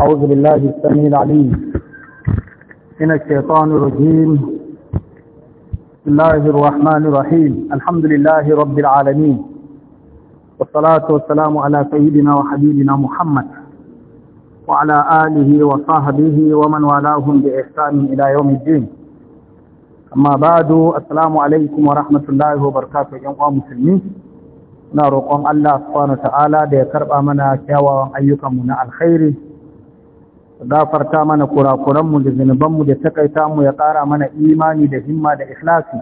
أعوذ بالله السميع العليم من الشيطان الرجيم بسم الله الرحمن الرحيم الحمد لله رب العالمين والصلاة والسلام على سيدنا وحبيبنا محمد وعلى آله وصحبه ومن والاهم بإحسان إلى يوم الدين amma ba do assalamu alaikum wa rahmatullahi wa barakatuh yan uwa musulmi na roƙon Allah subhanahu ta'ala da ya karɓa mana kyawawan ayyukanmu na alkhairi gafarta mana kurakuranmu da zunubanmu da takaita mu ya kara mana imani da himma da ikhlasi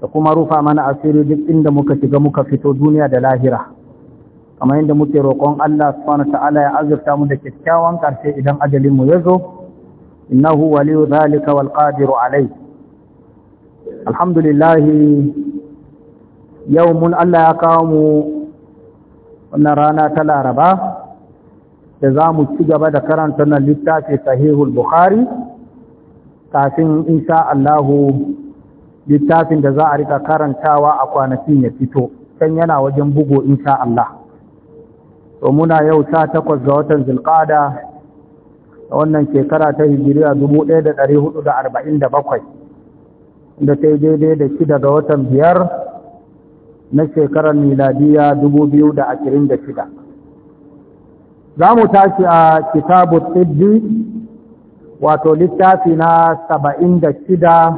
da kuma rufa mana asiri duk inda muka shiga muka fito duniya da lahira kamar yadda muke roƙon Allah subhanahu ta'ala ya azurta mu da kyakkyawan ƙarshe idan ajalin mu ya zo innahu waliyu zalika wal qadiru alai alhamdulillah yau mun Allah ya kawo mu wannan rana ta Laraba da za mu ci gaba da karanta nan littafi sahihul bukhari kafin insha Allahu littafin da za a rika karantawa a kwanakin ya fito can yana wajen bugo insha Allah to muna yau sha takwas ga watan Zulqaada, wannan shekara ta hijiriya 1447 da ta yi daidai da shida ga watan biyar na shekarar miladiya 2026 za mu tashi a kitabu tsibbi wato littafi na saba'in da shida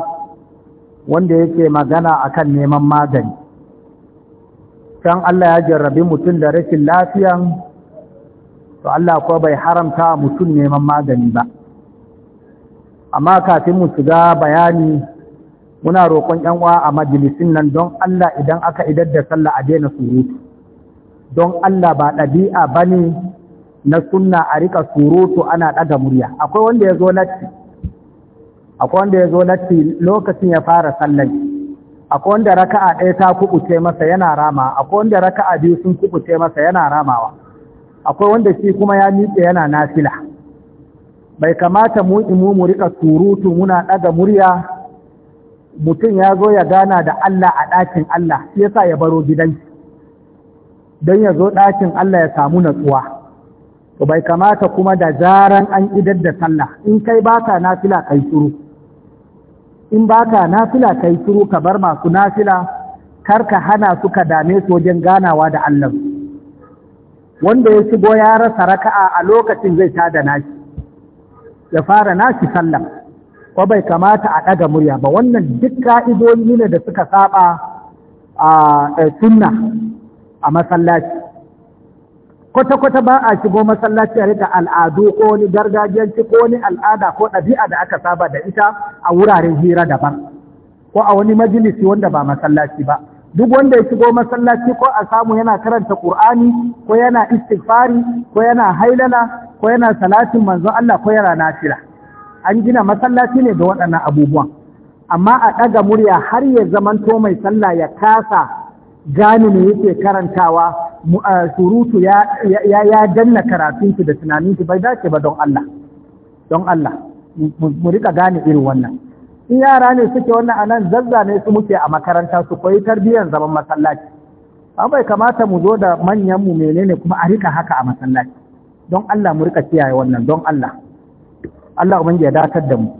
wanda yake magana akan neman magani can Allah ya jarrabi mutum da rashin lafiyan to Allah ko bai haramta mutum neman magani ba amma kafin mu shiga bayani muna roƙon ‘yan uwa a majalisin nan don Allah idan aka idar da sallah a daina surutu don Allah ba ɗabi'a ba ne na sunna a rika surutu ana ɗaga murya akwai wanda ya zo latti akwai wanda ya zo latti lokacin ya fara sallan akwai wanda raka'a ɗaya ta kubuce masa yana rama akwai wanda raka'a biyu sun kubuce masa yana ramawa akwai wanda shi kuma ya miƙe yana nafila bai kamata mu imu mu rika surutu muna ɗaga murya mutum ya zo ya gana da Allah a ɗakin Allah shi yasa ya baro gidanki don ya zo ɗakin Allah ya samu natsuwa to bai kamata kuma da zaran an idar da sallah in kai baka nafila kai shiru in baka nafila kai shiru ka bar masu nafila kar ka hana su ka dame su wajen ganawa da Allah wanda ya shigo ya rasa raka'a a lokacin zai tada nashi ya fara nashi sallah ko bai kamata a ɗaga murya ba wannan duk ka'idoji ne da suka saba a eh, sunna a masallaci kwata-kwata ba a shigo masallaci a rika al'adu ko wani gargajiyanci ko wani al'ada ko ɗabi'a da aka saba da ita a wuraren hira daban ko a wani majalisi wanda ba masallaci ba duk wanda ya shigo masallaci ko a samu yana karanta Qur'ani ko yana istighfari ko yana hailala ko yana salatin manzo Allah ko yana nafila an gina masallaci ne da waɗannan abubuwan amma a ɗaga murya har ya zamanto mai sallah ya kasa gane me yake karantawa surutu ya danna karatunsu da tunaninsu bai dace ba don Allah don Allah mu rika gane irin wannan in yara ne suke wannan anan zazza ne su muke a makaranta su koyi tarbiyyar zaman masallaci ba bai kamata mu zo da manyan mu menene kuma a rika haka a masallaci don Allah mu rika kiyaye wannan don Allah Allah kuma ya dakar da mu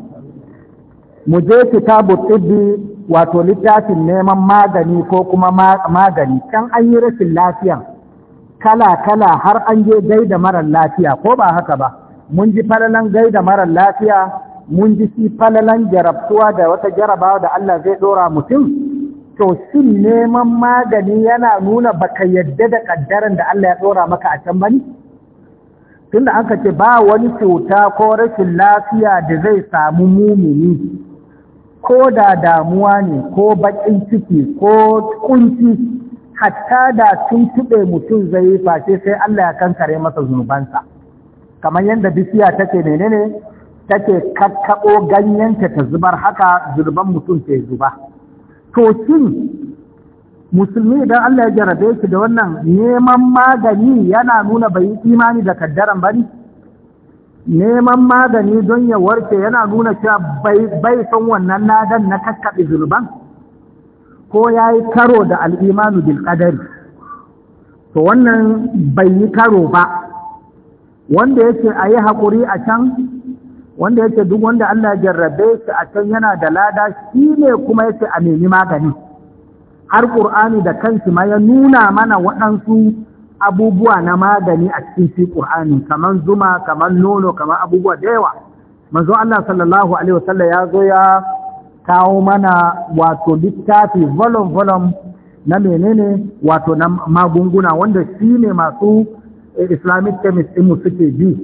mu je kitabu tibbi wato littafin neman magani ko kuma magani can an yi rashin lafiyan kala-kala har an je gaida marar lafiya ko ba haka ba mun ji falalan gaida marar lafiya mun ji shi falalan jarabtuwa da wata jarabawa da Allah zai dora mutum to shin neman magani yana nuna baka yadda da kaddaran da Allah ya dora maka a can bane tunda aka ce ba wani cuta ko rashin lafiya da zai samu mumini ko da damuwa ne ko bakin ciki ko kunci hatta da tuntuɓe mutum zai yi face sai Allah ya kankare masa zunubansa kamar yadda bishiya take menene take kakkaɓo ganyenta ta zubar haka zunuban mutum ke zuba to shin musulmi idan Allah ya jarabe shi da wannan neman magani yana nuna bai yi imani da kaddaran bari neman magani don ya warke yana nuna cewa bai san wannan ladan na kakkaɓe zunuban ko ya yi karo da al'imanu bil to wannan bai yi karo ba wanda yake a yi haƙuri a can wanda yake duk wanda Allah jarrabe shi a can yana da lada shi ne kuma yake a nemi magani har ƙur'ani da kansu ma ya nuna mana waɗansu abubuwa na magani a cikin shi ƙur'ani kamar zuma kamar nono kamar abubuwa da yawa manzo Allah sallallahu alaihi wasallam ya zo ya kawo mana wato littafi volum-volum na menene wato na magunguna wanda shi ne masu islamic chemist mu suke bi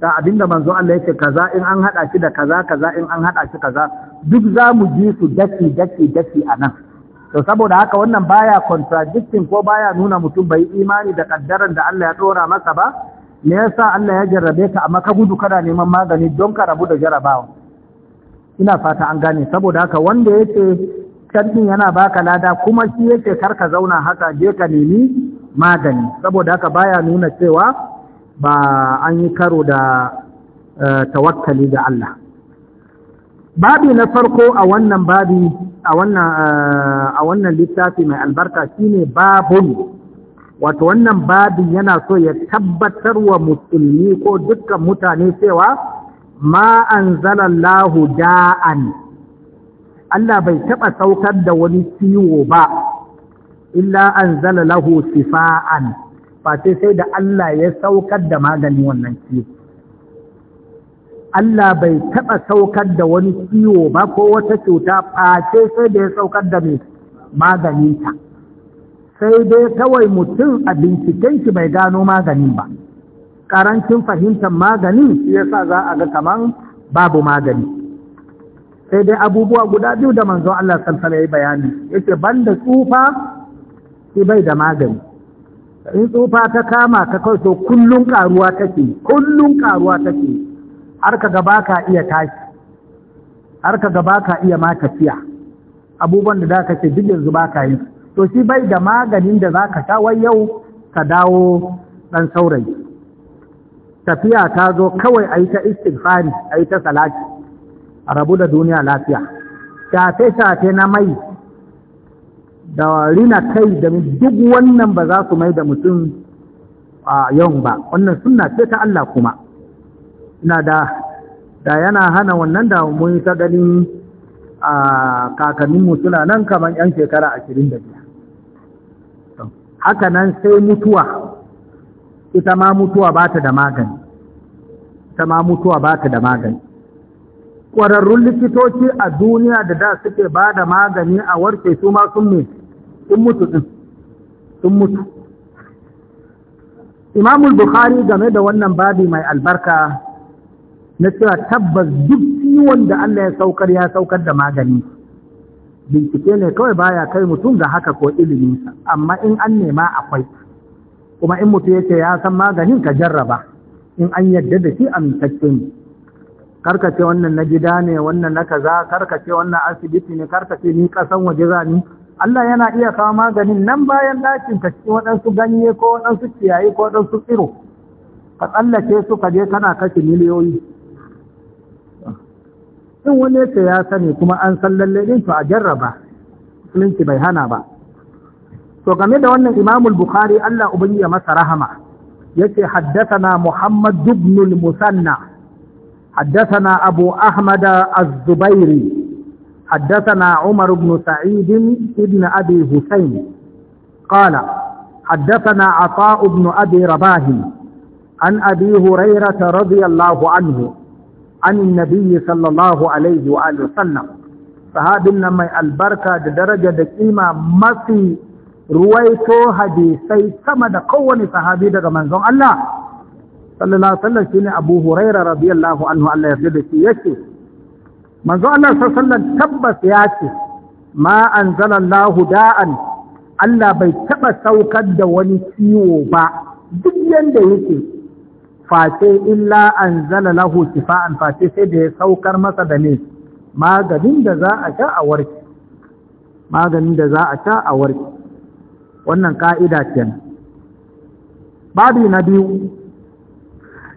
da abinda manzo Allah yake kaza in an hada shi da kaza kaza in an hada shi kaza duk za mu ji su daki daki daki a nan to saboda haka wannan baya contradicting ko baya nuna mutum bai imani da kaddaran da Allah ya dora masa ba me yasa Allah ya jarrabe ka amma ka gudu kana neman magani don ka rabu da jarabawa ina fata an gane saboda haka wanda yace canjin yana baka lada kuma shi yake karka zauna haka je ka nemi magani saboda haka baya nuna cewa ba an yi karo da eh, tawakkali da Allah babi na farko a wannan babi a wannan eh, a wannan littafi mai albarka shine babun wato wannan babi yana so ya tabbatar wa musulmi ko dukkan mutane cewa ma anzalallahu da'an Allah bai taɓa saukar da wani ciwo ba illa anzala lahu sifa'an fate sai da Allah ya saukar da maganin wannan ciwo Allah bai taɓa saukar da wani ciwo ba ko wata cuta face sai da ya saukar da mai maganinta sai dai kawai mutum a binciken shi bai gano maganin ba karancin fahimtar magani ya sa za a ga kamar babu magani sai dai abubuwa guda biyu da manzo Allah ya yi bayani Ya ce ban da tsufa shi bai da magani in tsufa ta kama ka kawai, to kullum ƙaruwa take kullum karuwa take har ka gaba ka iya tashi har ka gaba ka iya ma tafiya abubuwan da za ka ce duk yanzu ba ka yi to shi bai da maganin da za ka sha wai yau ka dawo ɗan saurayi tafiya ta zo kawai a yi ta istighfari a yi ta salaki, a rabu da duniya lafiya shafe-shafe na mai da rina kai da duk wannan ba za su mai da mutum a yau ba wannan suna ce ta Allah kuma na da da yana hana wannan da mun ta ganin a kakannin suna nan kamar 'yan shekara ashirin da biyar haka nan sai mutuwa ita ma mutuwa ba ta da magani ta ma mutuwa ba ta da magani ƙwararrun likitoci a duniya da da suke ba da magani a warke su ma sun mutu ɗin sun mutu imamul bukhari game da wannan babi mai albarka na cewa tabbas duk ciwon da Allah ya saukar ya saukar da magani bincike ne kawai baya kai mutum ga haka ko iliminsa amma in an nema akwai kuma in mutum yake ya san maganin ka jarraba in an yadda da shi amintacce ne karkace wannan na gida ne wannan na kaza karkace wannan asibiti ne karkace ni kasan waje za ni Allah yana iya kawo maganin nan bayan dakin ka cikin waɗansu ganye ko waɗansu ciyayi ko waɗansu tsiro ka tsallake su ka je kana kashe miliyoyi in wani ta ya sani kuma an san lalle to a jarraba musulunci bai hana ba to game da wannan imamul bukhari Allah ubangi ya masa rahama yace haddathana Muhammad ibn al-Musanna haddathana Abu Ahmad az-Zubairi haddathana Umar ibn Sa'id ibn Abi Husayn qala حدثنا عطاء بن أبي رباه عن أبي هريرة رضي الله عنه عن النبي صلى الله عليه وآله وسلم sahabin nan mai albarka da daraja da kima mafi ruwaito hadisai sama da kowane sahabi daga manzon Allah sallallahu alaihi wasallam shine Abu Hurairah radiyallahu anhu Allah ya yarda shi yake manzon Allah sallallahu alaihi wasallam tabbas ya ce ma anzalallahu da'an Allah bai taba saukar da wani ciwo ba duk yanda yake face illa anzala lahu shifaan face sai da ya saukar masa da ne maganin da za a sha a warki. maganin da za a sha a warki wannan ka'ida ce babu na biyu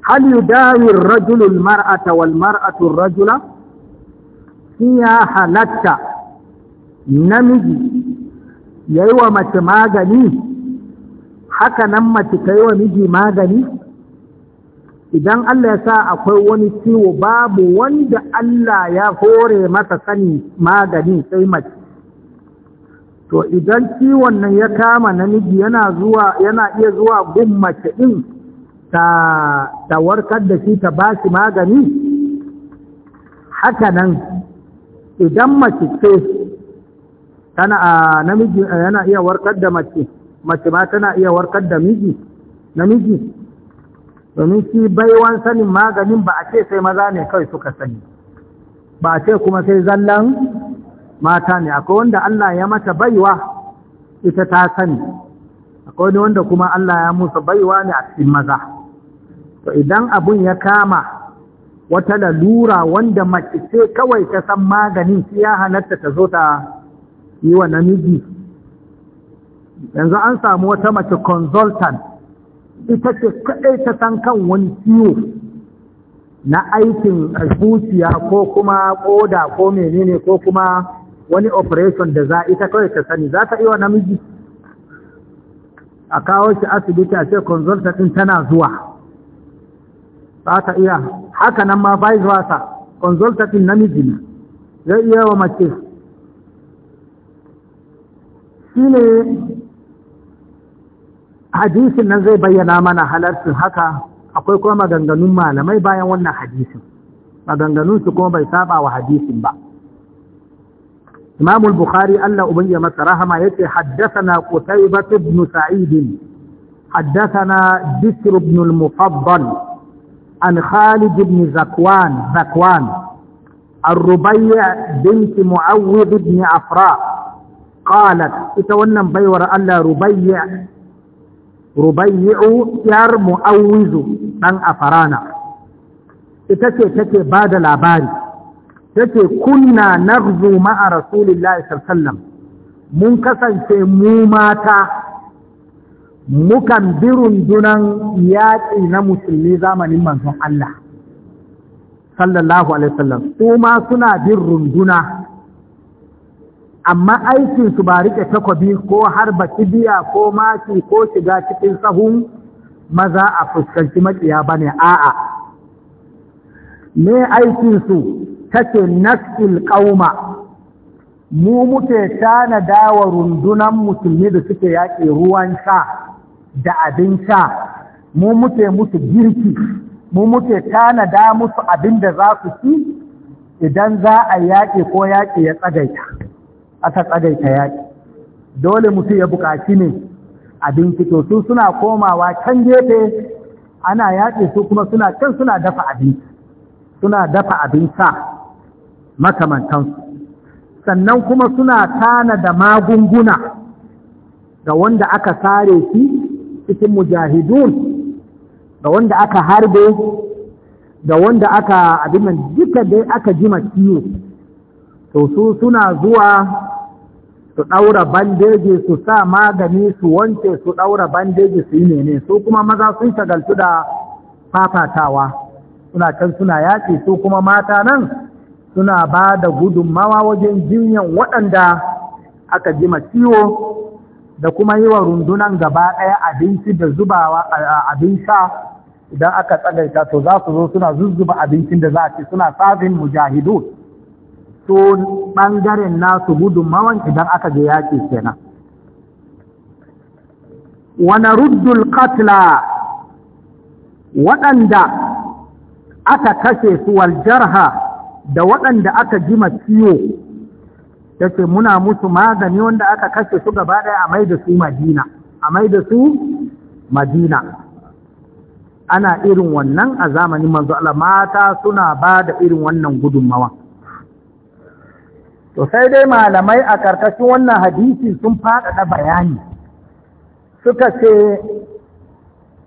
hal yudawi ar-rajulu al-mar'ata wal mar'atu ar-rajula fiya halatta namiji yayi wa mace magani haka nan mace kai wa miji magani idan Allah ya sa akwai wani ciwo babu wanda Allah ya hore masa sani magani sai mace to idan ciwon nan ya kama namiji yana zuwa yana iya zuwa gun mace din ta ta warkar da shi ta bashi magani haka nan idan mace ce tana namiji yana iya warkar da mace mace ma tana iya warkar da miji namiji domin shi baiwan sanin maganin ba a ce sai maza ne kawai suka sani ba a ce kuma sai zallan mata ne akwai wanda Allah ya mata baiwa ita ta sani akwai wanda kuma Allah ya musa baiwa ne a cikin maza to idan abun ya kama wata lalura wanda mace ce kawai ta san maganin ya halatta ta zo ta yi wa namiji yanzu an samu wata mace consultant ita ce kaɗai ta san kan wani ciwo na aikin zuciya ko kuma ƙoda ko menene ko kuma wani operation da za ita kawai ta sani za ta iya namiji a kawo shi asibiti a ce consultant din tana zuwa za ta iya haka nan ma bai zuwa sa consultant din namiji ne zai iya wa mace shi ne hadisin nan zai bayyana mana halarcin haka akwai kuma maganganun malamai bayan wannan hadisin maganganunsu kuma bai saba wa hadisin ba إمام البخاري ألا أبي مترهما يتي حدثنا قتيبة بن سعيد حدثنا بكر بن المفضل عن خالد بن زكوان زكوان الربيع بنت معوذ بن عفراء قالت اتونم بيور ألا ربيع ربيع يار معوذ بن أفرانا اتكي تكي بعد العباري yace kunna nagzu ma'a rasulillahi sallallahu mun kasance mu mata mukan bi rundunan yaƙi na musulmi zamanin manzon Allah sallallahu alaihi wasallam su ma suna bin runduna amma aikin su ba rike takobi ko har harba kibiya ko maki ko shiga cikin sahun maza a fuskanci maƙiya bane a'a me aikin su Take nasul qauma mu muke tana wa rundunan musulmi da suke yaƙi ruwan sa da abin sha mu muke musu girki mu muke tanada musu abin da za su ci idan za a yaƙi ko yaƙi ya tsagaita aka tsagaita yaƙi dole mutum ya buƙaci ne abinci to su suna komawa can gefe ana yaƙi su kuma suna can suna dafa abinci suna dafa abin sa makamantansu sannan kuma suna tana da magunguna ga wanda aka sare shi cikin mujahidun ga wanda aka harbe da wanda aka abinan duka dai aka jima ciwo to su suna zuwa su ɗaura bandeji su sa magani su wanke su ɗaura bandeji su yi nene su kuma maza sun shagaltu da fafatawa suna can suna yaƙi su kuma mata nan suna ba da gudunmawa wajen jinyan waɗanda aka jima ciwo da kuma yi wa rundunan gaba ɗaya abinci da zubawa abin sha idan aka tsagaita to za su zo suna zuzzuba abincin da za a ci suna tsafin mujahidu to ɓangaren nasu gudunmawan idan aka je yaƙi kenan wani ruddul katla waɗanda aka kashe su waljarha? jarha da waɗanda aka jima ciwo da ce muna musu magani wanda aka kashe su gaba ɗaya a mai da su madina a mai da su madina ana irin wannan a zamanin manzo Allah mata suna ba da irin wannan gudunmawa to sai dai malamai a karkashin wannan hadisi sun faɗaɗa bayani suka ce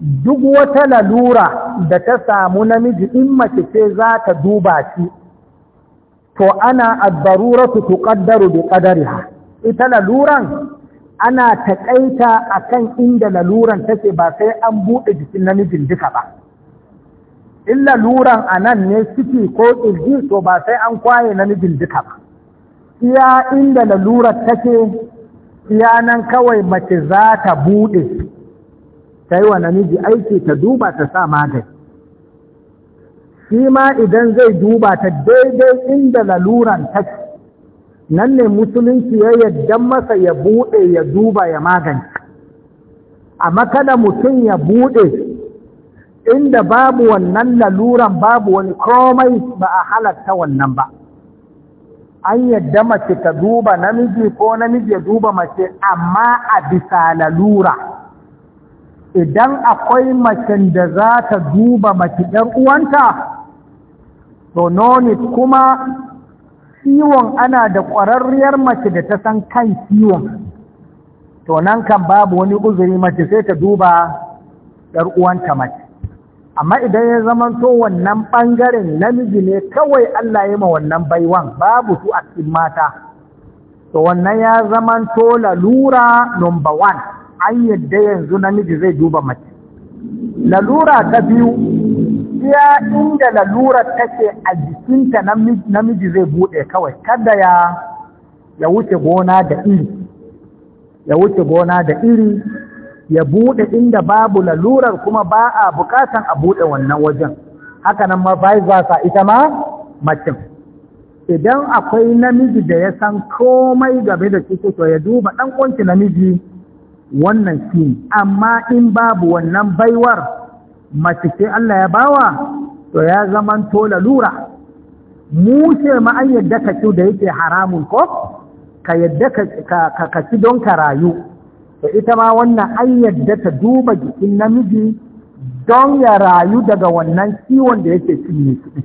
duk wata lalura da ta samu namiji in mace ce za ta duba shi to ana ad-daruratu tuqaddaru bi qadariha ita laluran ana taƙaita akan inda laluran take ba sai an buɗe jikin namijin duka ba in laluran anan ne suke ko ƙirji to ba sai an kwaye namijin duka ba iya inda lalurar take iya nan kawai mace za ta buɗe ta yi wa namiji aiki ta duba ta sa magani shi ma idan zai duba ta daidai inda laluran ta nan ne musulunci ya yadda masa ya buɗe ya duba ya magance amma kada mutum ya buɗe inda babu wannan laluran babu wani komai ba a halatta wannan ba an yadda mace ta duba namiji ko namiji ya duba mace amma a bisa lalura idan akwai macen da za ta duba mace ɗan uwanta to nonit kuma ciwon ana da ƙwararriyar mace da ta san kan ciwon to nan kan babu wani uzuri mace sai ta duba ɗar uwanta mace amma idan ya zama to wannan ɓangaren namiji ne kawai Allah ya ma wannan baiwan babu su a cikin mata to wannan ya zama to lalura number one an yadda yanzu namiji zai duba mace lalura ta biyu iya inda lalura take a jikinta namiji zai buɗe kawai kada ya ya wuce gona da iri ya wuce gona da iri ya buɗe inda babu lalurar kuma ba a bukatan a buɗe wannan wajen haka nan ma bai sa ita ma macin idan akwai namiji da ya san komai game da ciki to ya duba ɗan ƙwanci namiji wannan shi amma in babu wannan baiwar mace ce Allah ya bawa to ya zaman to lura mu ce ma an yadda ka ci da yake haramun ko ka yadda ka ci don ka rayu to ita ma wannan an yadda ta duba jikin namiji don ya rayu daga wannan ciwon da yake cinye shi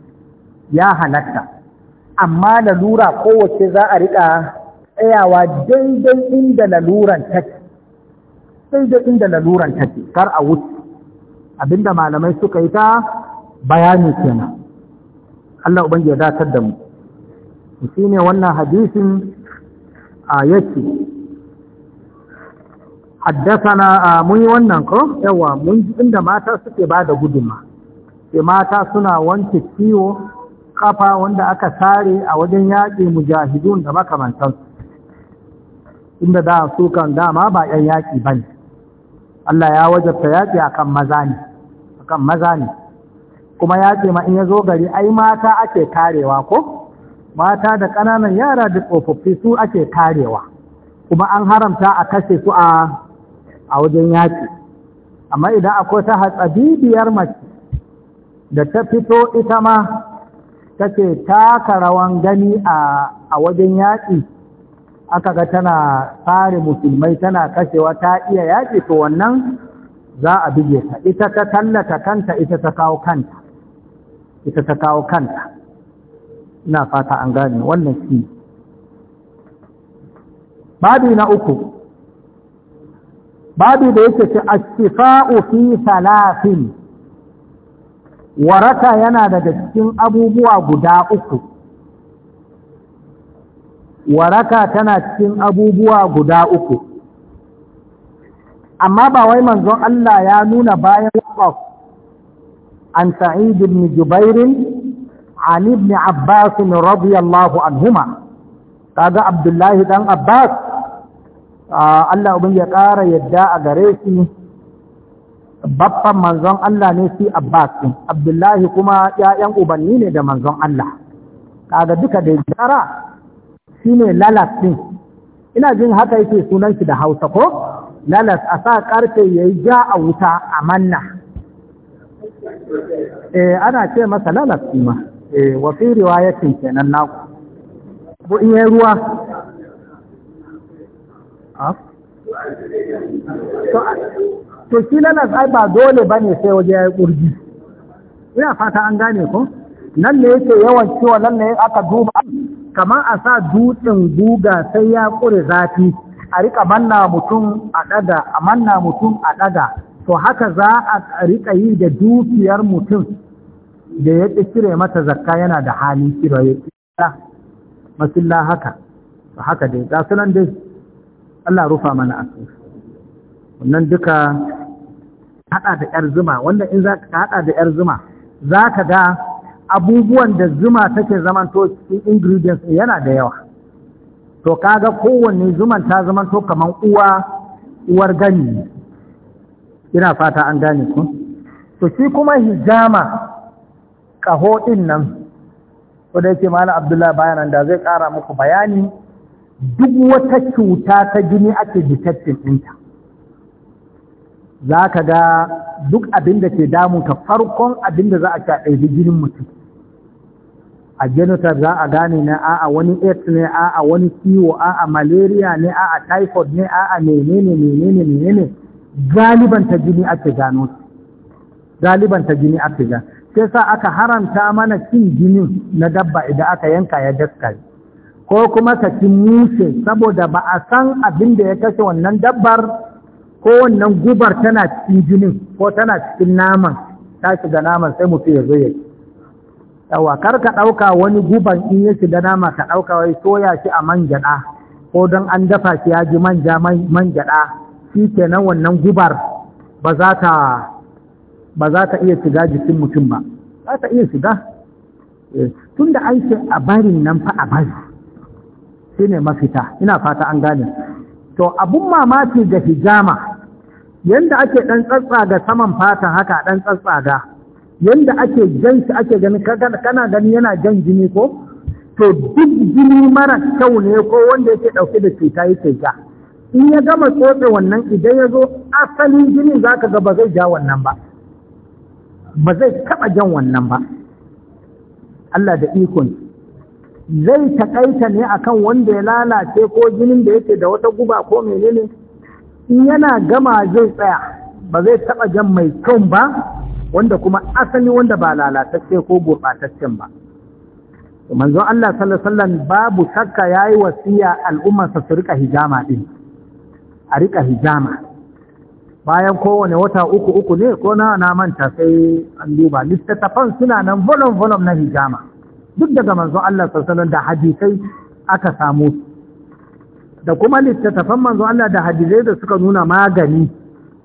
ya halatta amma lalura kowace za a riƙa tsayawa daidai inda laluran take daidai inda laluran take kar a wuce abinda malamai suka yi ta bayani kenan Allah ubangiya datar da mu shi ne wannan hadisin a yake haddasana a mun yi wannan ko yawa mun inda mata suke ba da gudunma sai mata suna wanke ciwo kafa wanda aka sare a wajen yaƙi mujahidun da makamantansu inda da su kan dama ba 'yan yaƙi ba ne Allah ya wajabta yaƙi akan maza ne akan maza ne kuma yaƙi ma in ya zo gari ai mata ake karewa ko mata da ƙananan yara da tsofaffi su ake karewa kuma an haramta a kashe su a a wajen yaƙi amma idan akwai ta hatsabibiyar mace da ta fito ita ma take taka rawan gani a wajen yaƙi aka ga tana tsari musulmai tana kashewa ta iya yaƙi to wannan za a bige ta ita ta tallata kanta ita ta kawo kanta ita ta kawo kanta ina fata an gane wannan shi Babu na uku babu da yake ce astifa'u fi salafin waraka yana daga cikin abubuwa guda uku waraka tana cikin abubuwa guda uku amma ba wai manzon Allah ya nuna bayan waqaf an sa'id ibn jubair an ibn abbas radiyallahu anhuma kaga abdullahi dan abbas Allah ubin ya ƙara yadda a gare shi babban manzon Allah ne shi abbas din abdullahi kuma 'ya'yan ubanni ne da manzon Allah kaga duka da jara shi ne lalas ɗin ina jin haka yake sunan shi da hausa ko lalas a sa ƙarfe ya yi ja a wuta a manna eh ana ce masa lalas ɗin ma eh ya riwayatin kenan naku bu iya yi ruwa to shi lalas ai ba dole ba ne sai waje ya yi ƙurji ina fata an gane ko nan ne yake yawan ciwo nan ne aka duba kamar a sa dutsen guga sai ya ƙure zafi a riƙa manna mutum a ɗaga a manna mutum a ɗaga to haka za a riƙa yi da dukiyar mutum da ya ƙi cire mata zakka yana da hali kira ya ƙi masilla haka haka dai ga sunan dai Allah rufa mana asiri wannan duka haɗa da ƴar zuma wannan in za ka haɗa da ƴar zuma za ka ga abubuwan da zuma take zamanto cikin ingredients yana da yawa to kaga kowanne zuman ta zamanto kaman uwa uwar gani ina fata an gane ku to shi kuma hijama kaho din nan ko da yake malam Abdullahi bayan da zai kara muku bayani duk wata cuta ta gini ake detecting ɗinta za ka ga duk abin da ke damu ta farkon abin da za a sha ɗaiɗi jinin mutum a genotar za a gane na a'a wani aids ne a'a wani ciwo a'a malaria ne a'a typhoid ne a'a menene menene menene galiban ta jini ake gano galiban ta ake gano sai sa aka haramta mana cin jinin na dabba idan aka yanka ya daskare ko kuma ka cin mushe saboda ba a san abin da ya kashe wannan dabbar ko wannan gubar tana cikin ginin ko tana cikin naman ta shiga naman sai mutum ya zo ya ci yawa kar ka ɗauka wani guban in ya shiga nama ka ɗauka wai soya shi a man gyaɗa ko don an dafa shi ya ji manja man gyaɗa shi kenan wannan gubar ba za ta iya shiga jikin mutum ba za ta iya shiga eh, tun da aiki a barin nan fa a bari shi ne mafita ina fata an gane to abun mamaki da hijama yadda ake ɗan tsatsaga saman fatan haka ɗan tsatsaga yadda ake jan shi ake gani kana gani yana jan jini ko to duk jini mara kyau ne ko wanda yake dauke da cuta yake ja in ya gama tsotse wannan idan ya zo asalin jini za ka ga ba zai ja wannan ba ba zai taɓa jan wannan ba Allah da ikon zai takaita ne akan wanda ya lalace ko jinin da yake da wata guba ko menene in yana gama zai tsaya ba zai taɓa jan mai kyau ba wanda kuma asali wanda ba lalatacce ko gurbataccen ba manzon Allah sallallahu alaihi wasallam babu shakka yayi wasiya al'umma su rika hijama din a rika hijama bayan kowane wata uku uku ne ko na na manta sai an duba littattafan suna nan volum volum na hijama duk daga manzon Allah sallallahu alaihi da hadisai aka samu da kuma littattafan manzon Allah da hadisai da suka nuna magani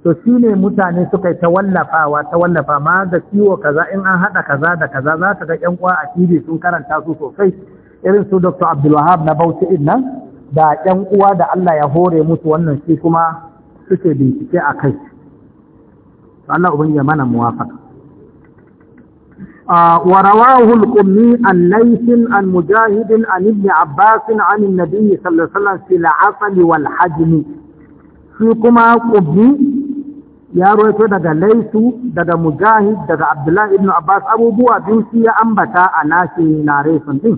to shi ne mutane suka yi ta wallafawa ta wallafa ma da ciwo kaza in an haɗa kaza da kaza za ta ga ƴan uwa a tv sun karanta su sosai irin su dr abdulwahab na bauchi din nan da ƴan uwa da allah ya hore musu wannan shi kuma suke bincike a kai Allah ya mana muwafaka ورواه القمي an laifin عن mujahidin عن ابن عباس عن النبي صلى الله عليه وسلم في العسل والحجم ya roto daga laisu daga mujahid daga abdullahi ibn abbas abubuwa biyu shi ya ambata a nashi na narration din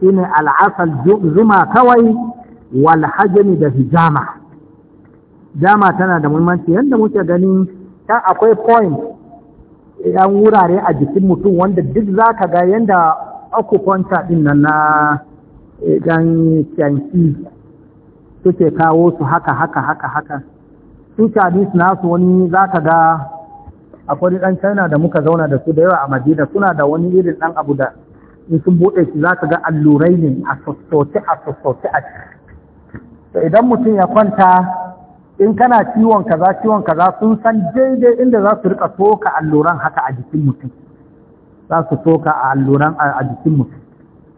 shi ne al'asal zuma kawai walhajami da hijama jama tana da muhimmanci yadda muke gani ta akwai point yan wurare a jikin mutum wanda duk za ka ga yadda acupuncture din nan na gan eh, shanki suke kawo su haka haka haka haka Tuchadis nasu wani za ka ga akwai ɗan China da muka zauna da su da yawa a Madina suna da wani irin ɗan abu da in sun buɗe shi za ka ga allurai ne a sossoce a sossoce a To idan mutum ya kwanta in kana ciwon kaza ciwon kaza sun san daidai inda za su rika toka alluran haka a jikin mutum. Za su toka a alluran a jikin mutum.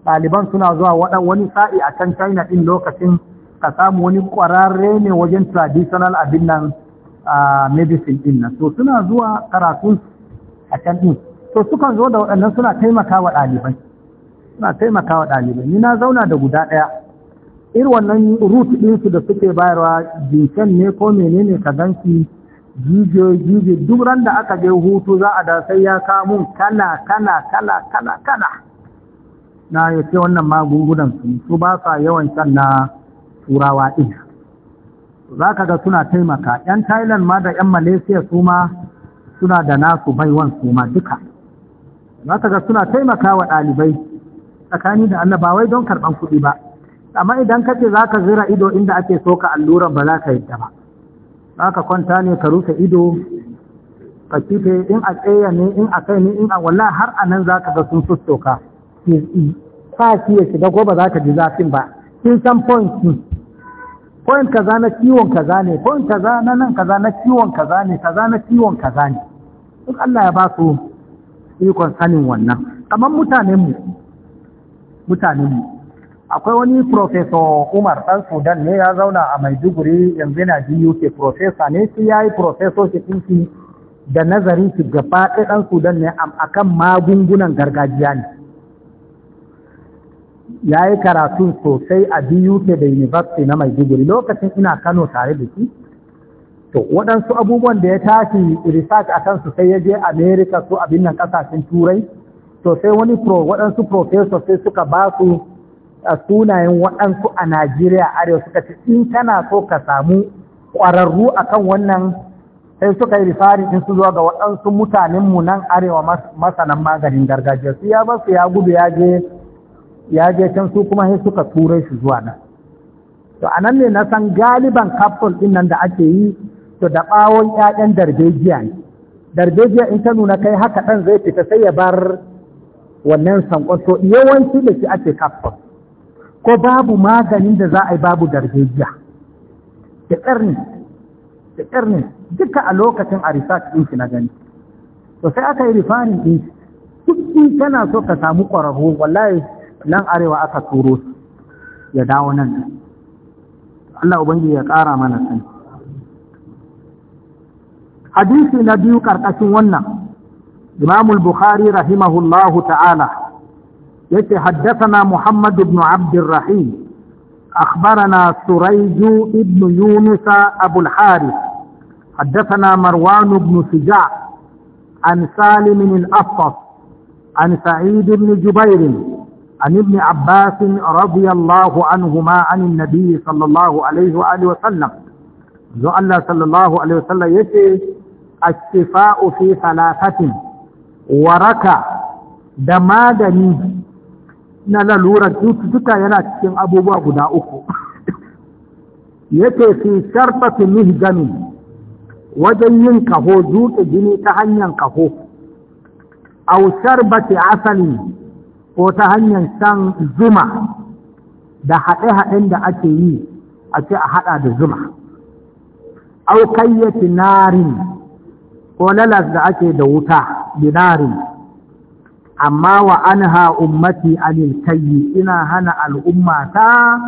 Ɗaliban suna zuwa wani sa'i a can China ɗin lokacin ka samu wani kwararre ne wajen traditional abin nan a medicine din nan to suna zuwa karatun a can din to sukan zo da waɗannan suna taimaka wa ɗalibai suna taimaka wa ɗalibai ni na zauna da guda ɗaya irin wannan root ɗinsu da suke bayarwa jinken ne ko menene ka ganki jijiyo jijiyo duk ran da aka je hutu za a da sai ya mun kala kala kala kala kala na ya ce wannan magungunan su su ba sa yawan shan na turawa ɗin za ka ga suna taimaka 'yan thailand ma da 'yan malaysia su ma suna da nasu baiwan su ma duka za ka ga suna taimaka wa ɗalibai tsakani da allah ba wai don karɓan kuɗi ba amma idan ka ce za ka zira ido inda ake soka alluran ba za ka yi ba za ka kwanta ne ka rufe ido ka kife in a tsaye ne in a kai ne in a wallahi har a nan za ka ga sun sussoka ka shi ya shiga ba za ka ji zafin ba kin san point point kaza na ciwon kaza ne point kaza na nan kaza na ciwon kaza ne kaza na ciwon kaza ne duk Allah ya ba su ikon sanin wannan kamar mutanenmu mutanenmu akwai wani professor Umar ɗan Sudan ne ya zauna a Maiduguri yanzu yana ji UK professor ne shi yayi professorship din shi da nazarin shi gaba ɗaya ɗan Sudan ne akan magungunan gargajiya ne ya yi karatu sosai a BUK da University na Maiduguri lokacin ina Kano tare da shi. To, waɗansu abubuwan da ya tashi research a kansu sai ya je America su abin nan ƙasashen Turai, to sai wani waɗansu professor sai suka ba su a sunayen waɗansu a Najeriya arewa suka ce in kana so ka samu ƙwararru akan wannan sai suka yi rifari in su zuwa ga waɗansu mutanenmu nan arewa masanan maganin gargajiya su ya basu ya gudu ya je ya je can su kuma sai suka turai shi zuwa nan to a nan ne na san galiban couple ɗin nan da ake yi to da ɓawon ƴaƴan darbejiya ne darbejiya in ta nuna kai haka ɗan zai fita sai ya bar wannan sankon to yawanci da shi ake couple ko babu maganin da za a yi babu darbejiya da ƙarni da ƙarni duka a lokacin a research ɗin shi na gani to sai aka yi rifarin ɗin duk in kana so ka samu ƙwararru wallahi nan arewa aka turo su ya dawo nan Allah Ubangiji ya ƙara mana sani hadisi na biyu ƙarƙashin wannan Imam al-Bukhari rahimahullahu ta'ala yace haddathana Muhammad ibn Abdurrahim أخبرنا سريج بن يونس أبو الحارث حدثنا مروان بن سجاع عن سالم الأفص عن سعيد بن جبير عن ابن عباس رضي الله عنهما عن النبي صلى الله عليه وآله وسلم ذو صلى الله عليه وسلم يشي الشفاء في ثلاثة وركا دمادني na lalurar cututtuka yana cikin abubuwa guda uku yake fi sharfatu mihgami wajen yin kaho zuke gini ta hanyar kaho au sharbati asali ko ta hanyar shan zuma da haɗe-haɗen da ake yi a ce a haɗa da zuma aukayyaci narin ko lalas da ake da wuta binarin amma wa an ummati anil ina hana al'umma ta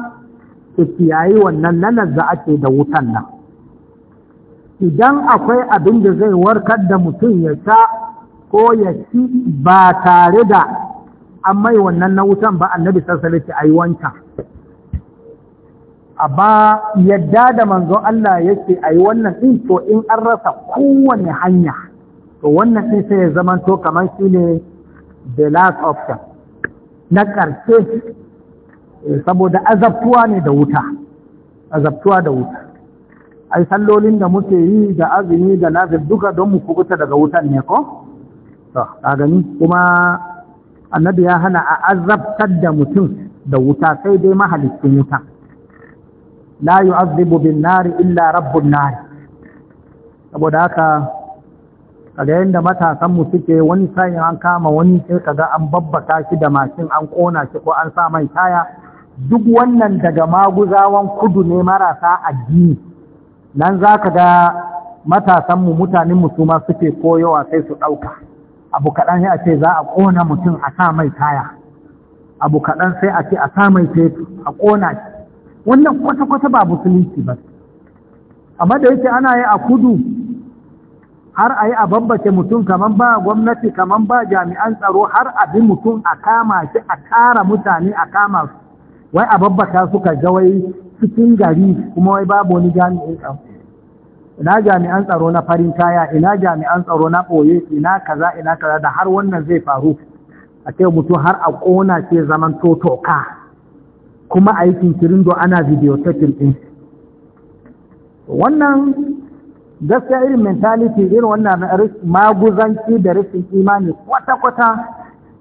kiyayi wannan lalas da ake da wutan nan idan akwai abin da zai warkar da mutum ya sha ko ya ci ba tare da an mai wannan na wutan ba annabi sassale ce a yi wancan a ba yadda da manzon Allah yake a yi wannan ɗin to in an rasa kowane hanya to wannan ɗin sai ya zaman to kamar shi ne the last option na ƙarshe eh, saboda azabtuwa ne da wuta azabtuwa da wuta ai sallolin da muke yi da azumi da nazir duka don mu kubuta daga wutan ne ko? to gani kuma annabi ya hana a azabtar da mutum da wuta sai dai mahalicin wuta la yu'azzibu bin nari illa rabbun nari saboda haka kaga yadda matasan mu suke wani sayin an kama wani sai kaga an babbaka shi da mashin an kona shi ko an sa mai taya duk wannan daga maguzawan kudu ne marasa addini nan zaka ga matasanmu mu su ma suke koyowa sai su ɗauka. abu kaɗan ya ce za a ƙona mutum a sa mai kaya abu kaɗan sai a ce a sa mai teku a ƙona shi wannan kwata-kwata ba musulunci ba amma da yake ana yi a kudu har a yi a bambace mutum kamar ba gwamnati kamar ba jami'an tsaro har a bi mutum a kama shi a ƙara mutane a kama su wai a babbata suka gawai cikin gari kuma wai babu wani jami'in tsaro ina jami'an tsaro na farin kaya ina jami'an tsaro na ɓoye ina kaza ina kaza da har wannan zai faru a ce mutum har a ƙona ce zaman totoka kuma aikin yi ana ana ana ɗin wannan gaskiya irin mentality irin wannan maguzanci da rashin imani kwata-kwata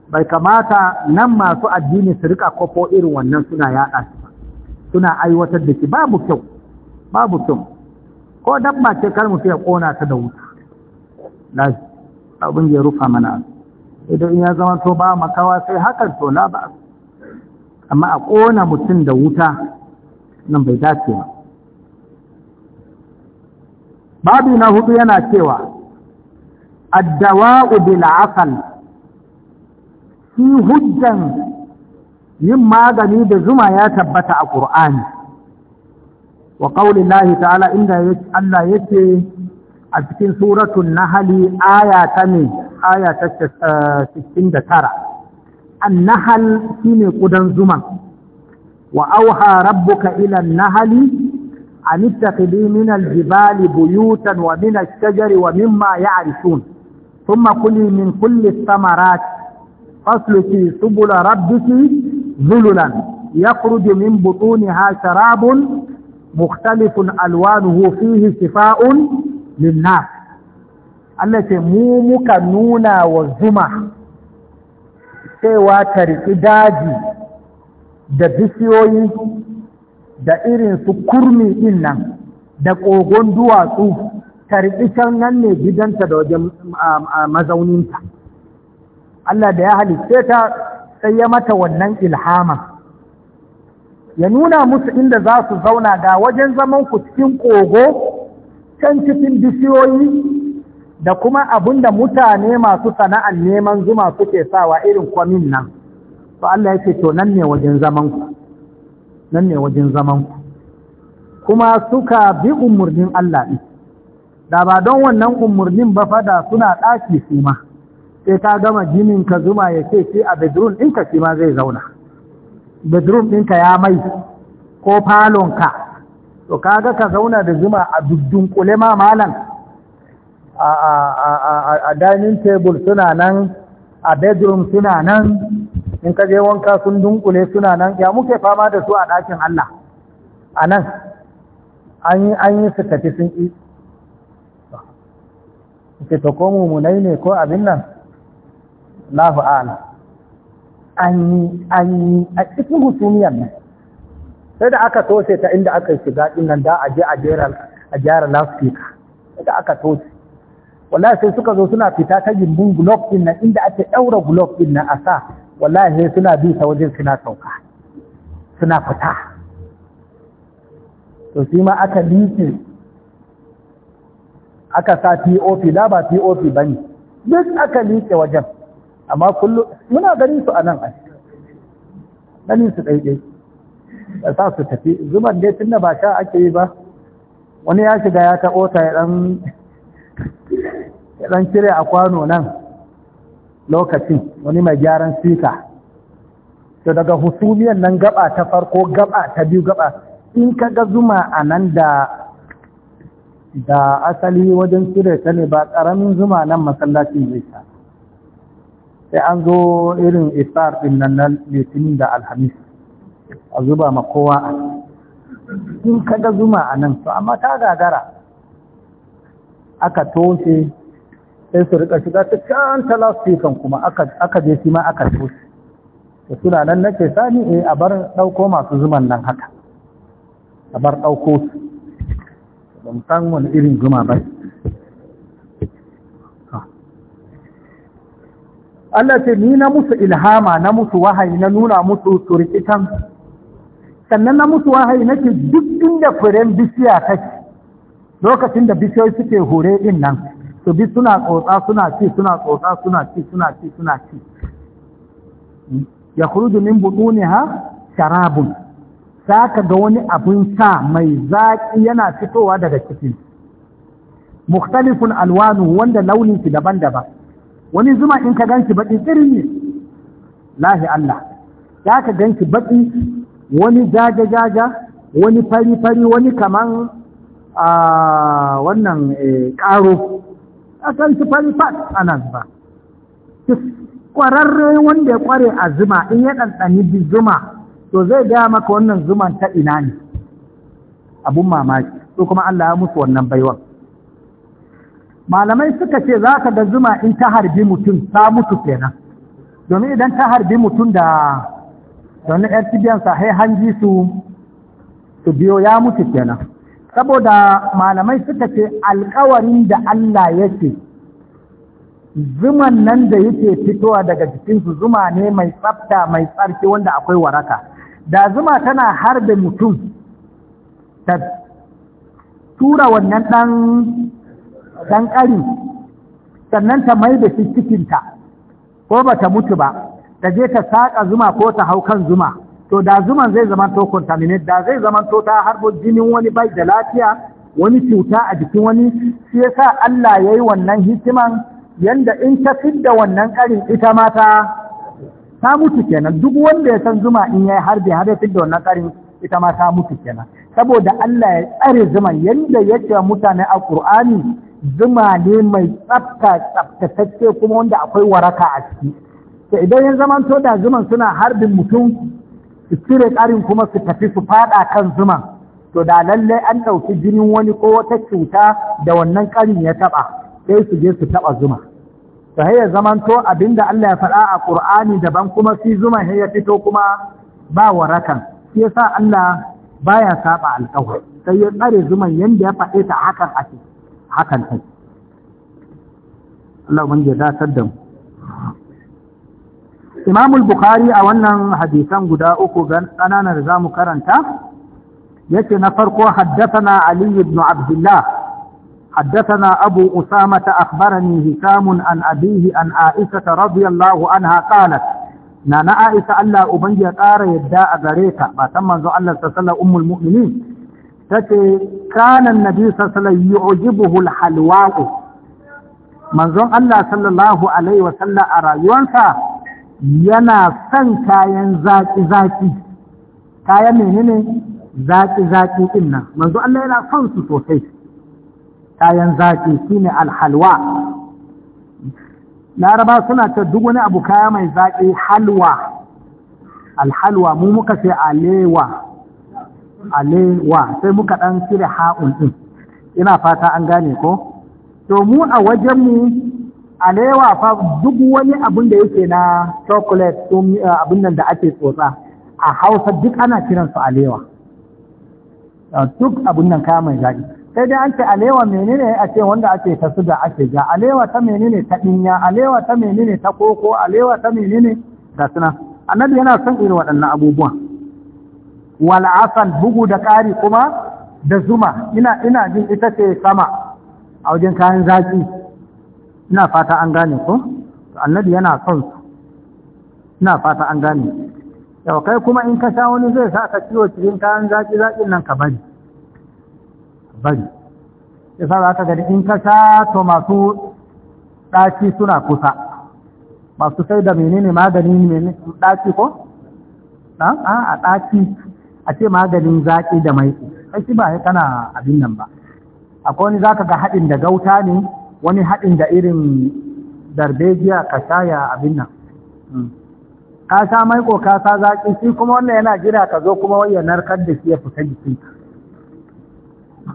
bai kamata nan masu addini su rika kofo irin wannan suna yaɗa suna aiwatar da shi babu kyau babu kyau ko dabba ce kar mutum ya kona ta da wuta lafi abin ya rufa mana idan ya zama to ba makawa sai hakan to la ba amma a ƙona mutum da wuta nan bai dace ba babu na hudu yana cewa addawa'u bil asal shi hujjan yin magani da zuma ya tabbata a ƙur'ani وقول الله تعالى إن الله يسي أتكين سورة النهل آية تمي آية تشتين آه، دكارة النهل كين قدن زمن وأوحى ربك إلى النهل أن اتخذي من الجبال بيوتا ومن الشجر ومما يعرفون ثم كلي من كل الثمرات فاسلكي سبل ربك ذللا يخرج من بطونها شراب mukhtalifun alwanuhu fihi shifa'un linnas Allah ce mu muka nuna wa zuma cewa ta riƙi daji da bishiyoyi da irin su kurmi ɗinnan nan da ƙogon duwatsu ta can nan ne gidanta da wajen mazauninta Allah da ya halitta ta sai ya mata wannan ilhama ya nuna musu inda za su zauna ga wajen zaman ku cikin kogo can cikin bishiyoyi da kuma abin da mutane masu sana'ar neman zuma suke sawa irin kwamin nan Ba Allah ya ce to nan ne wajen zaman ku nan ne wajen zaman ku kuma suka bi umurnin Allah ɗin da ba don wannan umurnin ba fada suna ɗaki su ma sai ka gama jinin ka zuma ya ce ce a bedroom ɗinka shi ma zai zauna bedroom ɗinka ya mai ko falonka to kaga ka zauna da zuma a dudunkule ma malam a dining table suna nan a bedroom suna nan in ka je wanka sun dunkule suna nan ya muke fama da su a ɗakin Allah a nan an yi su tafi sun yi ke ta mummunai ne ko abin nan lafi ala an yi an yi a cikin hutuniyar nan sai da aka toshe ta inda aka shiga nan da a je a gyara loudspeaker sai da aka toshe wallahi sai suka zo suna fita ta gindin glock din nan inda ake daura glock din nan a sa wallahi sai suna bi ta wajen suna sauka suna fita to shi ma aka liƙe aka sa POP da ba POP bane duk aka liƙe wajen amma kullum muna ganin su a nan ai ganin su ɗaiɗai da sa su tafi zuban ne tun da ba sha ake yi ba wani ya shiga ya taɓo ta ya ɗan kire a kwano nan lokacin wani mai gyaran sika to daga husumiyan nan gaba ta farko gaba ta biyu gaba in ka ga zuma a nan da da asali wajen cire ta ne ba ƙaramin zuma nan masallacin zai sha sai an zo irin isar din nan na litinin da alhamis a zuba ma kowa a in kaga zuma a nan to amma ta gagara aka toshe sai su rika shiga ta can kuma aka je shi ma aka toshe da suna nan nake sani eh, a bar ɗauko masu zuman nan haka a bar su ban san wani irin zuma bai Allah ce ni na musu ilhama na musu wahayi na nuna musu surikitan sannan na musu wahayi nake duk inda furen bishiya take lokacin da bishiyoyi suke hure din nan to bi suna tsotsa suna ci suna tsotsa suna ci suna ci suna ci ya kurudu min ha? sharabun saka ga wani abin sa mai zaƙi yana fitowa daga cikin mukhtalifun alwanu wanda launin shi daban-daban wani zuma in ka ganki baki tsirin ne lahi Allah ya ka ganki baki wani jaja jaja wani fari fari wani kaman a wannan karo kan su fari a nan ba kwararre wanda ya kware a zuma in ya ɗanɗani zuma to zai gaya maka wannan zuman ta ina ne abun mamaki to kuma Allah ya musu wannan baiwan malamai suka ce za ka ga zuma in ta harbi mutum ta mutu kenan domin idan ta harbi mutum da wani yar cibiyansa hai hanji su su biyo ya mutu kenan saboda malamai suka ce alkawarin da Allah yake zuman nan da yake fitowa daga jikinsu zuma ne mai tsafta mai tsarki wanda akwai waraka da zuma tana harbe mutum ta tura wannan ɗan dan sannan ta mai da cikinta ko ba ta mutu ba ta je ta saƙa zuma ko ta hau kan zuma to da zuman zai zama to contaminate da zai zama to ta harbo jinin wani bai da lafiya wani cuta a jikin wani shi yasa Allah yayi wannan hikiman yanda in ta fidda wannan karin ita ma ta mutu kenan duk wanda ya san zuma in yayi harbi har ya fidda wannan karin ita ma ta mutu kenan saboda Allah ya tsare zuman yanda yake mutane a Qur'ani zuma ne mai tsafta tsaftatacce kuma wanda akwai waraka a ciki to idan ya to da zuman suna harbin mutum su cire karin kuma su tafi su faɗa kan zuman to da lallai an ɗauki jinin wani ko wata cuta da wannan karin ya taɓa sai su je su taɓa zuma to ya zamanto abinda Allah ya faɗa a Ƙur'ani daban kuma shi zuman ya fito kuma ba warakan shi yasa Allah baya saba alƙawari sai ya tsare zuman yanda ya faɗe ta hakan a ciki hakan kai bukhari a wannan hadisan guda uku gan tsananar zamu karanta yace na farko haddathana Aliyu ibn Abdullah haddathana Abu Usama ta akhbarani hikam an abihi an Aisha radhiyallahu anha qalat na na Aisha Allah ubangi ya kara yadda a gareta, ta ba san manzo Allah sallallahu ummul mu'minin Ta tace kana annabi sallallahu alaihi yu'jibuhu alhalwa'u manzon Allah sallallahu alaihi wasallam a rayuwarsa yana son kayan zaki zaki kayan menene zaki zaki din nan manzon Allah yana son su sosai kayan zaki shine alhalwa laraba suna ta duk wani abu kaya mai zaki halwa alhalwa mu muka sai alewa alewa sai muka ɗan cire ha'un ɗin ina fata an gane ko to mu a wajenmu alewa fa duk wani abin da yake na chocolate eh, abin nan da ake tsotsa a hausa duk ana kiransu alewa eh, duk abin nan kaya mai zaɗi sai dai an ce alewa menene a ce wanda ake ta su da ake ja alewa ta menene ta ɗinya alewa ta menene ta koko alewa ta menene ga suna annabi yana son irin waɗannan abubuwan wal'asal bugu da ƙari kuma da zuma ina ina jin ita ce sama a wajen kayan zaki ina fata an gane ku? annabi yana son su ina fata an gane yau kai kuma in ka sha wani zai sa ka ciwo cikin kayan zaki zaƙin nan ka bari bari sa za ka gani in ka sha to masu ɗaki suna kusa masu sai da menene magani menene ɗaki ko? a ɗaki. a ce maganin zaƙi da mai sai ba ya kana abin nan ba akwai wani ka ga haɗin da gauta ne wani haɗin da irin darbejiya ka shaya abin nan hmm. ka sha ko ka sa zaƙi shi kuma wannan yana jira ka zo kuma wai ya narkar da shi ya fita jikin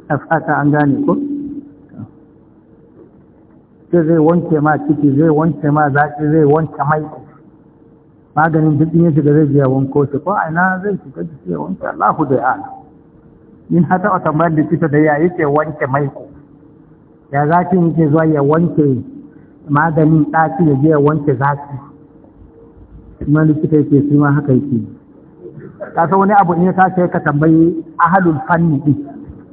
ka fata an gane ko ce zai wanke ma ciki zai wanke ma zaƙi zai wanke ko maganin duk in ya shiga zai biya wanko shi ko aina zai shiga jiki ya wanke Allahu da yana in hata a tambayar likita da ya yake wanke maiko ya zaki yake zuwa ya wanke maganin ɗaki ya je ya wanke zafi? kuma likita yake shi ma haka yake ka san wani abu in ya ce ka tambayi ahalul fanni din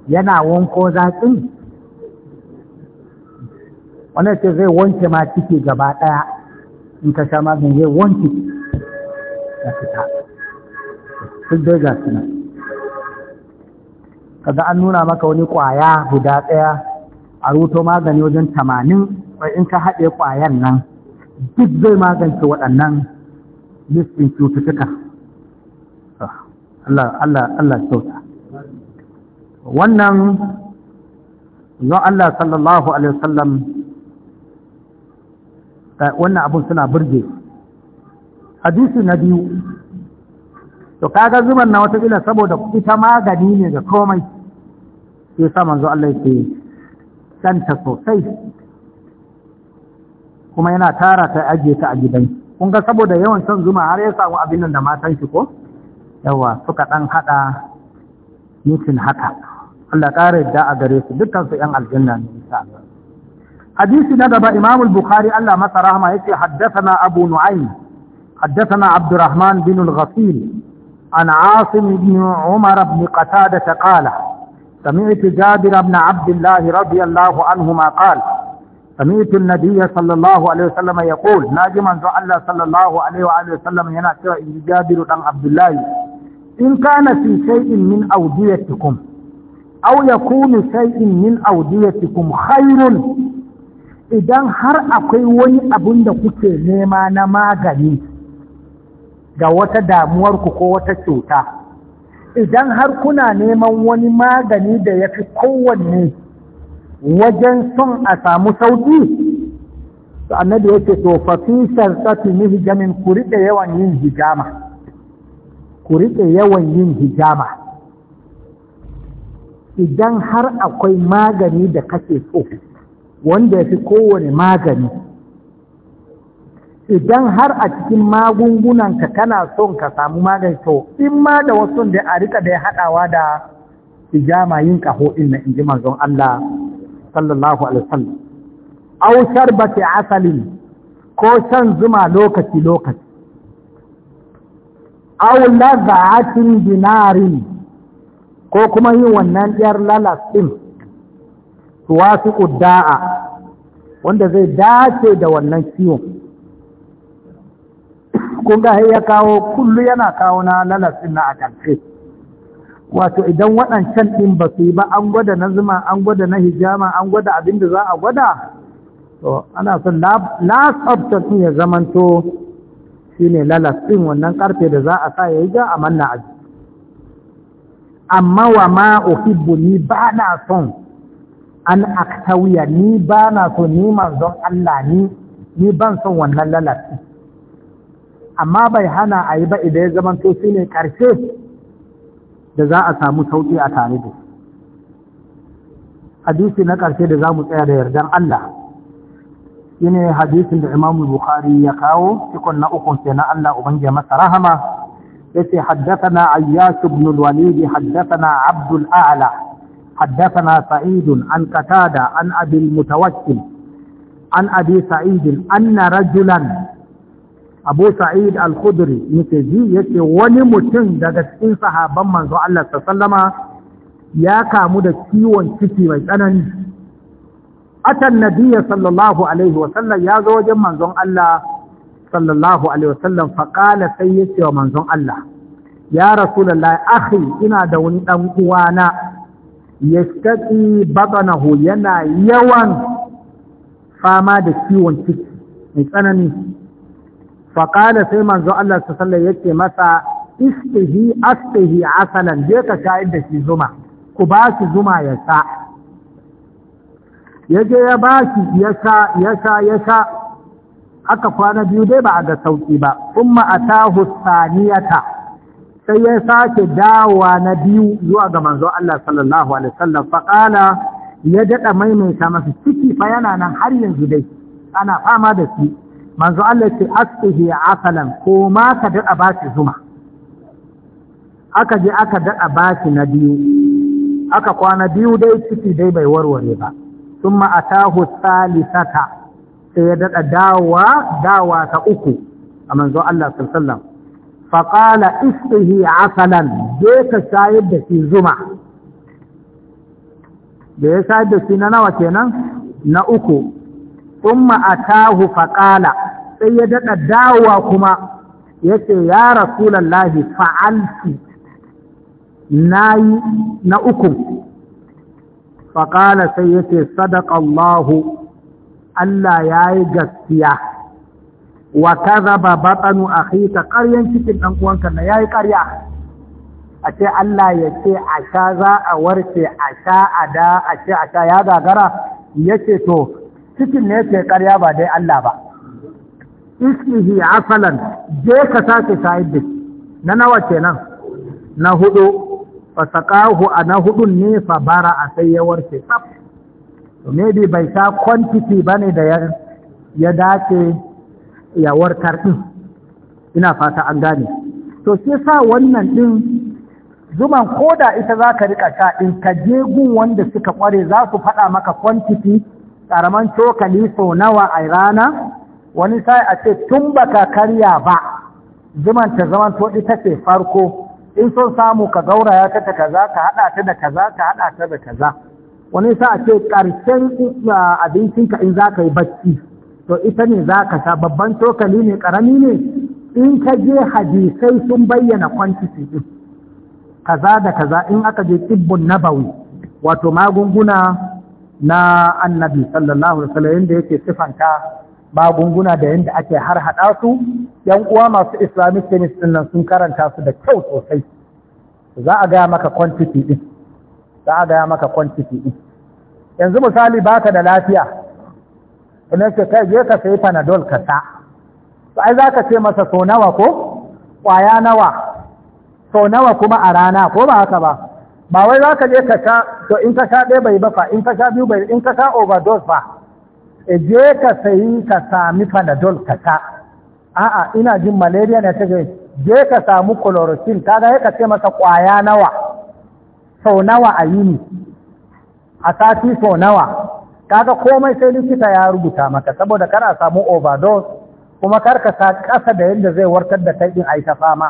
yana wanko zakin wannan ce zai wanke ma ciki gaba ɗaya in ka sha maganin zai wanke ya fita dai ga suna kaga an nuna maka wani kwaya guda ɗaya a ruto magani wajen tamanin in ka haɗe kwayan nan duk zai magance waɗannan listin cututtuka Allah sauta wannan zuwa Allah sallallahu Alaihi wasallam wannan abin suna burge hadisi na biyu to kaga zuban na watakila saboda ita magani ne ga komai ke saman zuwa Allah ke santa sosai kuma yana tara ta ajiye ta a gidan kun ga saboda yawan son zuma har ya samu abin nan da matan shi ko yawa suka dan hada mutun haka Allah kare da a gare su dukkan su yan aljanna ne insha Allah hadisi na gaba Imam al-Bukhari Allah masa rahma yace haddathana Abu Nu'aym حدثنا عبد الرحمن بن الغسيل عن عاصم بن عمر بن قتادة قال سمعت جابر بن عبد الله رضي الله عنهما قال سمعت النبي صلى الله عليه وسلم يقول ناجما الله صلى الله عليه وآله وسلم ينأتي إن جابر بن عبد الله إن كان في شيء من أوديتكم أو يكون شيء من أوديتكم خير idan har akwai wani abun da kuke nema na magani ga wata damuwarku ko wata cuta idan har kuna neman wani magani da yafi fi kowanne wajen son a samu sauƙi to annabi yake to fa fi sarqati ku riƙe yawan yin hijama ku riƙe yawan yin hijama idan har akwai magani da kake so wanda ya fi kowane magani idan har a cikin magungunanka kana son ka samu magani to in ma da wasu da a rika da ya haɗawa da ijama yin kaho na inji manzon Allah sallallahu alaihi wasallam aw sharbati asalin ko shan zuma lokaci lokaci aw laza'atin dinarin ko kuma yin wannan yar lalas ɗin wasu da'a wanda zai dace da wannan ciwon kun ga ya kawo kullu yana kawo na lalasin na a ƙarshe wato idan waɗancan ɗin ba su yi ba an gwada na zuma an gwada na hijama an gwada abin da za a gwada to ana son last option ɗin ya zamanto shi ne lalasin wannan ƙarfe da za a sa ya yi ga a manna a amma wa ma uhibbu ni ba na son an aktawiya ni ba na so ni zon Allah ni ni ban son wannan lalasin amma bai hana a yi ba idan ya zama shi ne karshe da za a samu sauƙi a tare da hadisi na karshe da za mu tsaya da yardan Allah shine hadisin da imamu Bukhari ya kawo cikon na ukun na Allah ubangi masa rahama ya ce haddasana ayyash ibn al-walid haddasana abdul a'la haddasana sa'idun an qatada an abil mutawakkil an abi sa'id anna rajulan abu sa'id al-khudri nake ji yake wani mutum daga cikin sahaban manzo Allah sallama ya kamu da ciwon ciki mai tsanani atan nabiyya sallallahu alaihi wasallam ya zo wajen manzon Allah sallallahu alaihi wasallam faqala sai yace wa manzon Allah ya rasulullahi akhi ina da wani dan uwana yastaqi Baganahu yana yawan fama da ciwon ciki mai tsanani faƙala sai manzo Allah su sallar yake masa istihi astihi asalan je ka shayar da shi zuma ku ba shi zuma ya sha ya je ya ba shi ya sha ya sha ya sha aka kwana biyu dai ba a ga sauƙi ba umma atahu saniyata sai ya sake dawowa na biyu zuwa ga manzo Allah sallallahu alaihi wasallam faƙala ya daɗa maimaita masa ciki fa yana nan har yanzu dai ana fama da shi manzo Allah ce asqihi asalan ko ma ka daɗa ba shi zuma aka je aka daɗa ba shi na biyu aka kwana biyu dai ciki dai bai warware ba summa atahu salisata sai ya daɗa dawa dawa ta uku a manzo Allah sallallahu alaihi wasallam faqala asalan je ka shayar da shi zuma da ya sayar da shi na nawa kenan na uku umma tahu faƙala sai ya daɗa dawowa kuma ya ce ya rasulallahi fa'alti na yi na uku faƙala sai ya ce Allahu Allah ya yi gaskiya wa kaza ba batsanu a hita ƙaryen cikin ɗan'uwanka na ya yi ƙarya a ce Allah ya ce a sha za a warce a sha a da a ce a sha ya gagara ya ce to cikin ne ce ƙarya ba dai Allah ba islihi asalan je ka sake shayar da shi na nawa kenan na hudu saqahu ana hudun ne fa bara a sai ya warke tsaf to maybe bai ta quantity bane da ya dace ya warkar din ina fata an gane to sai sa wannan din zuman koda ita za ka rika sha din ka je gun wanda suka kware za su faɗa maka quantity karaman cokali sau nawa a rana wani sai a ce tun baka karya ba zuman ta zaman to ita ce farko in son samu ka gauraya ta ta kaza ka hada ta da kaza ka hada ta da kaza wani sai a ce karshen ka in zaka yi bacci to ita ne za ka sa babban tokali ne karami ne in ka je hadisai sun bayyana kwantiti din kaza da kaza in aka je tibbun nabawi wato magunguna na annabi sallallahu alaihi wasallam yake sifanta magunguna da yadda ake har haɗa su yan uwa masu islamic tennis ɗin nan sun karanta su da kyau sosai za a gaya maka kwantiti. ɗin za a gaya maka kwantiti. ɗin yanzu misali baka da lafiya ina ce kai je ka sai panadol ka sa to ai ka ce masa so nawa ko kwaya nawa so nawa kuma a rana ko ba haka ba ba wai ka je ka sha to in ka sha ɗaya bai ba fa in ka sha biyu bai in ka sha overdose ba E, je ka sayi ka sami fanadol ka ta a'a ina jin malaria ne ta je ka samu chloroquine kaga ya ka ce masa kwaya nawa sau nawa a yini a sati sau nawa kaga komai sai likita ya rubuta maka saboda kana samu overdose kuma ka sa kasa da yadda zai warkar da kai din ai ta fama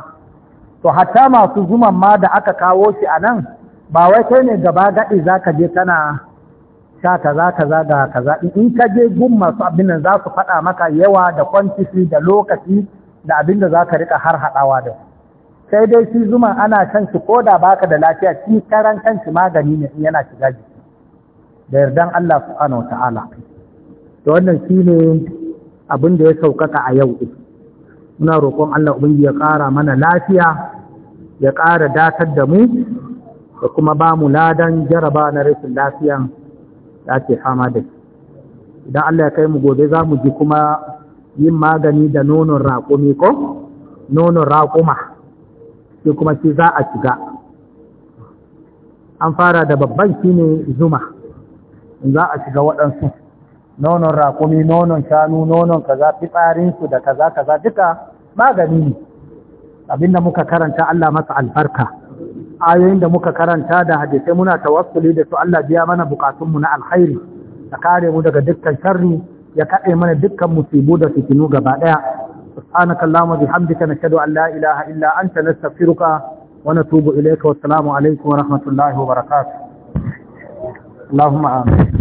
to hatta masu zuman ma da aka kawo shi anan? ba wai kai ne gaba gadi zaka je kana sha kaza kaza ka kaza in ka je gun masu abin nan za su faɗa maka yawa da kwantiti da lokaci da abin da za ka riƙa har haɗawa da sai dai shi zuma ana shan shi ko da baka da lafiya shi karan kan shi magani ne in yana shiga jiki da yardan Allah subhanahu wataala to wannan shine abin da ya saukaka a yau din muna roƙon Allah ubangiji ya ƙara mana lafiya ya ƙara datar da mu da kuma ba mu ladan jaraba na rashin lafiyan da ake fama da shi idan Allah ya kai mu gobe za mu ji kuma yin magani da nonon raƙumi ko nonon raƙuma sai kuma shi za a shiga an fara da babban shi ne zuma za a shiga waɗansu nonon raƙumi nonon shanu nonon kaza fitsarinsu da kaza kaza duka magani ne abinda muka karanta Allah masa albarka ayoyin da muka karanta da hadisai muna tawassuli da su Allah biya mana bukatunmu na alkhairi ya kare mu daga dukkan sharri ya kaɗe mana dukkan musibu da fitinu gaba ɗaya subhanaka allahumma bihamdika nashhadu an la ilaha illa anta nastaghfiruka wa natubu ilayka wa assalamu alaikum wa rahmatullahi wa barakatuh اللهم